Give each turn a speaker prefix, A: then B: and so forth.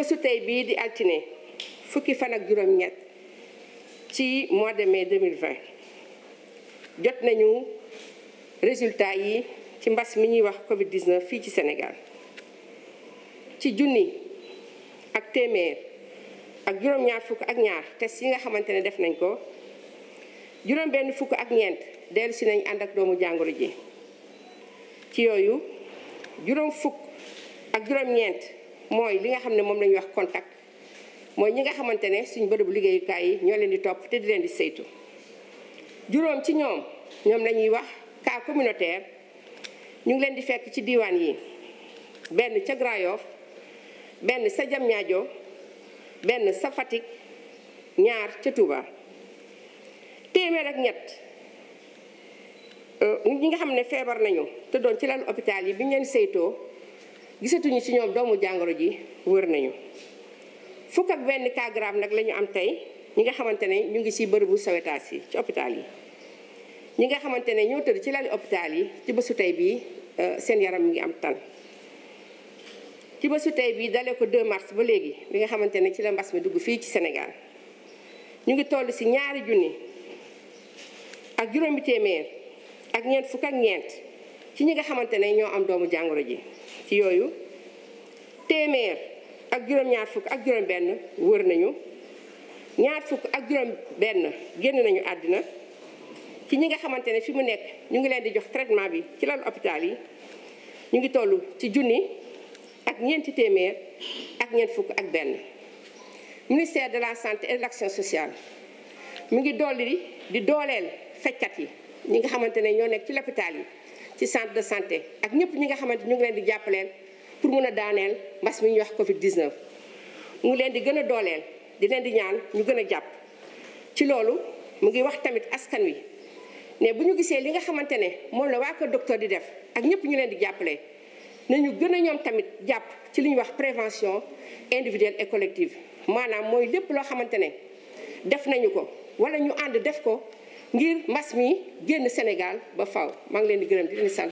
A: bésu tey bii di altine fukki fan ak juróom-ñett ci mois de mai 2020 jot nañu résultat yi ci mbas mi ñuy wax Covid 19 fii ci Sénégal ci junni ak téeméer ak juróom-ñaar fukk ak ñaar test yi nga xamante ne def nañ ko juróom-benn fukk ak ñeent dellu si nañ ànd ak doomu jàngoro ji ci yooyu juróom fukk ak juróom-ñeent. mooy li nga xam ne moom lañuy wax contact mooy ñi nga xamante ne suñ bërëbu liggéeyukaay yi ñoo leen di topp te di leen di saytu juróom ci ñoom ñoom la ñuy wax cas communautaire ñu ngi leen di fekk ci diiwaan yi benn ca Grand benn sa Diamniadio benn sa Fatick ñaar ca Touba téeméer ak ñett euh, ñi nga xam ne feebar nañu te doon ci lal hôpital yi bi ñu leen saytoo gisatuñu ci ñoom doomu jangoro ji wër nañu fukk ak benn cas grave nag la ñu am tey ñi nga xamante ne ñu ngi ci bërëbu sawetaas yi ci hôpital yi ñi nga xamante ne ñoo tëdd ci lali hôpital yi ci bésu tey bii euh, seen yaram mi ngi am tan ci bésu tey bii dalee ko 2 mars ba léegi bi nga xamante ne ci la mbas mi dugg fii ci Sénégal ñu ngi toll ñaari junni ak juróomi téeméer ak ñeent fukk ak ñeent ci ñi nga xamante ne ñoo am doomu jàngoro ji ci yooyu téeméer ak juróom-ñaar fukk ak juróom-benn wër nañu ñaar fukk ak juróom-benn génn nañu àddina ci ñi nga xamante ne fi mu nekk ñu ngi leen di jox traitement bi ci lalu hôpital yi ñu ngi tollu ci junni ak ñeenti téeméer ak ñeent fukk ak benn. ministère de la santé et de l'action sociale mi ngi dolli di dooleel fajkat yi ñi nga xamante ne ñoo nekk ci l'hôpital yi. ci centre de santé ak ñëpp ñi nga xamante ñu ngi leen di jàppaleen pour mun a daaneel mbas mi ñuy wax Covid 19. mu leen di gën a dooleel di leen di ñaan ñu gën a jàpp ci loolu mu ngi wax tamit askan wi ne bu ñu gisee li nga xamante ne moom la waa kër docteur di def ak ñëpp ñu leen di jàppale na ñu gën a ñoom tamit jàpp ci li ñuy wax prévention individuelle et collective maanaam mooy lépp loo xamante ne def nañu ko wala ñu ànd def ko. ngir mbas mi génn Sénégal ba faw maa ngi leen di gërëm di leen sant